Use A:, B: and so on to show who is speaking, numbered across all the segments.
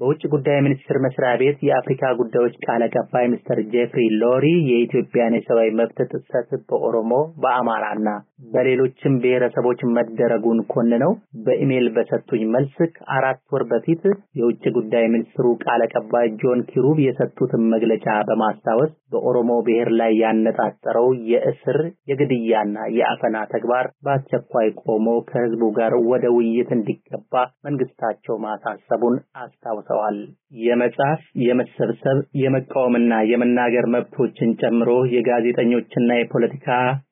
A: በውጭ ጉዳይ ሚኒስቴር መስሪያ ቤት የአፍሪካ ጉዳዮች ቃል አቀባይ ሚስተር ጄፍሪ ሎሪ የኢትዮጵያን የሰብአዊ መብት ጥሰት በኦሮሞ በአማራና በሌሎችም ብሔረሰቦች መደረጉን ኮንነው በኢሜይል በሰጡኝ መልስ ከአራት ወር በፊት የውጭ ጉዳይ ሚኒስትሩ ቃል አቀባይ ጆን ኪሩብ የሰጡትን መግለጫ በማስታወስ በኦሮሞ ብሔር ላይ ያነጣጠረው የእስር የግድያና የአፈና ተግባር በአስቸኳይ ቆሞ ከህዝቡ ጋር ወደ ውይይት እንዲገባ መንግስታቸው ማሳሰቡን አስታወሰ። አስታውሰዋል። የመጻፍ፣ የመሰብሰብ፣ የመቃወምና የመናገር መብቶችን ጨምሮ የጋዜጠኞችና የፖለቲካ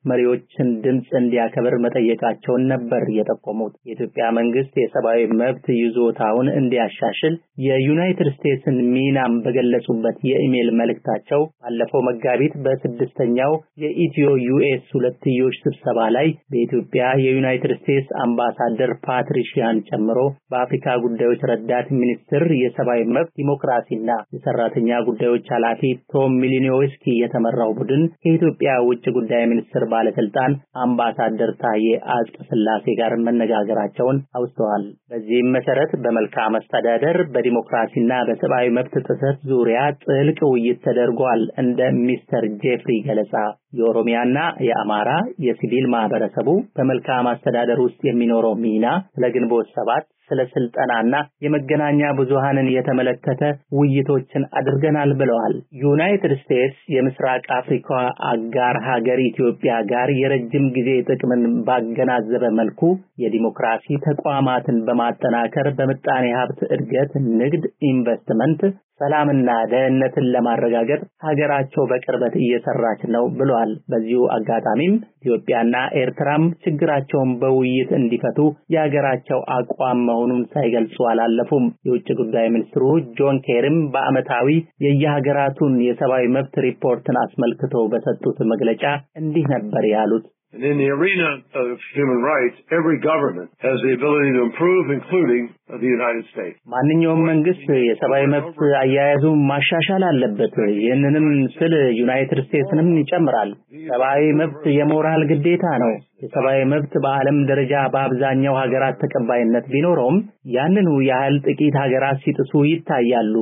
A: መሪዎችን ድምፅ እንዲያከብር መጠየቃቸውን ነበር የጠቆሙት። የኢትዮጵያ መንግስት የሰብአዊ መብት ይዞታውን እንዲያሻሽል የዩናይትድ ስቴትስን ሚናም በገለጹበት የኢሜይል መልእክታቸው ባለፈው መጋቢት በስድስተኛው የኢትዮ ዩኤስ ሁለትዮሽ ስብሰባ ላይ በኢትዮጵያ የዩናይትድ ስቴትስ አምባሳደር ፓትሪሺያን ጨምሮ በአፍሪካ ጉዳዮች ረዳት ሚኒስትር የሰብአዊ መብት ዲሞክራሲና የሰራተኛ ጉዳዮች ኃላፊ ቶም ሚሊኒዮስኪ የተመራው ቡድን ከኢትዮጵያ ውጭ ጉዳይ ሚኒስትር ባለስልጣን አምባሳደር ታዬ አጽቀ ስላሴ ጋር መነጋገራቸውን አውስተዋል። በዚህም መሰረት በመልካም መስተዳደር በዲሞክራሲና በሰብአዊ መብት ጥሰት ዙሪያ ጥልቅ ውይይት ተደርጓል። እንደ ሚስተር ጄፍሪ ገለጻ የኦሮሚያና የአማራ የሲቪል ማህበረሰቡ በመልካም አስተዳደር ውስጥ የሚኖረው ሚና ለግንቦት ሰባት ስለ ስልጠናና የመገናኛ ብዙሃንን የተመለከተ ውይይቶችን አድርገናል ብለዋል። ዩናይትድ ስቴትስ የምስራቅ አፍሪካ አጋር ሀገር ኢትዮጵያ ጋር የረጅም ጊዜ ጥቅምን ባገናዘበ መልኩ የዲሞክራሲ ተቋማትን በማጠናከር በምጣኔ ሀብት እድገት፣ ንግድ፣ ኢንቨስትመንት፣ ሰላምና ደህንነትን ለማረጋገጥ ሀገራቸው በቅርበት እየሰራች ነው ብሏል። በዚሁ አጋጣሚም ኢትዮጵያና ኤርትራም ችግራቸውን በውይይት እንዲፈቱ የሀገራቸው አቋም መሆኑን ሳይገልጹ አላለፉም። የውጭ ጉዳይ ሚኒስትሩ ጆን ኬሪም በዓመታዊ የየሀገራቱን የሰብአዊ መብት ሪፖርትን አስመልክቶ በሰጡት መግለጫ እንዲህ ነበር ያሉት። And in the arena of human rights, every government has the ability to improve, including uh, the United States. ማንኛውም መንግስት የሰብአዊ መብት አያያዙ ማሻሻል አለበት። ይህንንም ስል ዩናይትድ ስቴትስንም ይጨምራል። ሰብአዊ መብት የሞራል ግዴታ ነው። የሰብአዊ መብት በዓለም ደረጃ በአብዛኛው ሀገራት ተቀባይነት ቢኖረውም ያንኑ ያህል ጥቂት ሀገራት ሲጥሱ ይታያሉ።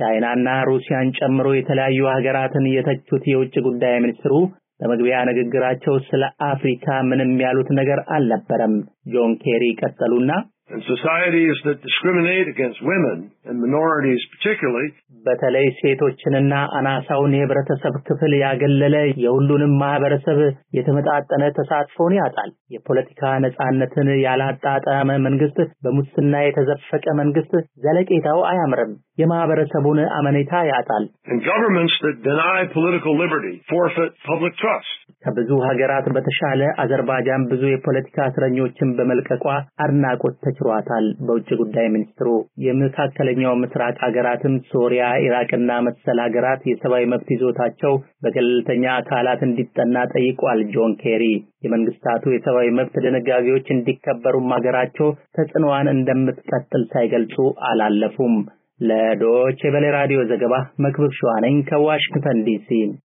A: ቻይናና ሩሲያን ጨምሮ የተለያዩ ሀገራትን የተቹት የውጭ ጉዳይ ሚኒስትሩ በመግቢያ ንግግራቸው ስለ አፍሪካ ምንም ያሉት ነገር አልነበረም። ጆን ኬሪ ቀጠሉና በተለይ ሴቶችንና አናሳውን የህብረተሰብ ክፍል ያገለለ የሁሉንም ማህበረሰብ የተመጣጠነ ተሳትፎን ያጣል። የፖለቲካ ነጻነትን ያላጣጣመ መንግስት፣ በሙስና የተዘፈቀ መንግስት ዘለቄታው አያምርም። የማህበረሰቡን አመኔታ ያጣል። ከብዙ ሀገራት በተሻለ አዘርባጃን ብዙ የፖለቲካ እስረኞችን በመልቀቋ አድናቆት ተችሯታል። በውጭ ጉዳይ ሚኒስትሩ የመካከለኛው ምስራቅ ሀገራትም ሶሪያ፣ ኢራቅና መሰል ሀገራት የሰብአዊ መብት ይዞታቸው በገለልተኛ አካላት እንዲጠና ጠይቋል። ጆን ኬሪ የመንግስታቱ የሰብአዊ መብት ድንጋጌዎች እንዲከበሩም ሀገራቸው ተጽዕኖዋን እንደምትቀጥል ሳይገልጹ አላለፉም። ለዶቼ ቬለ ራዲዮ ዘገባ መክብብ ሸዋነኝ ከዋሽንግተን ዲሲ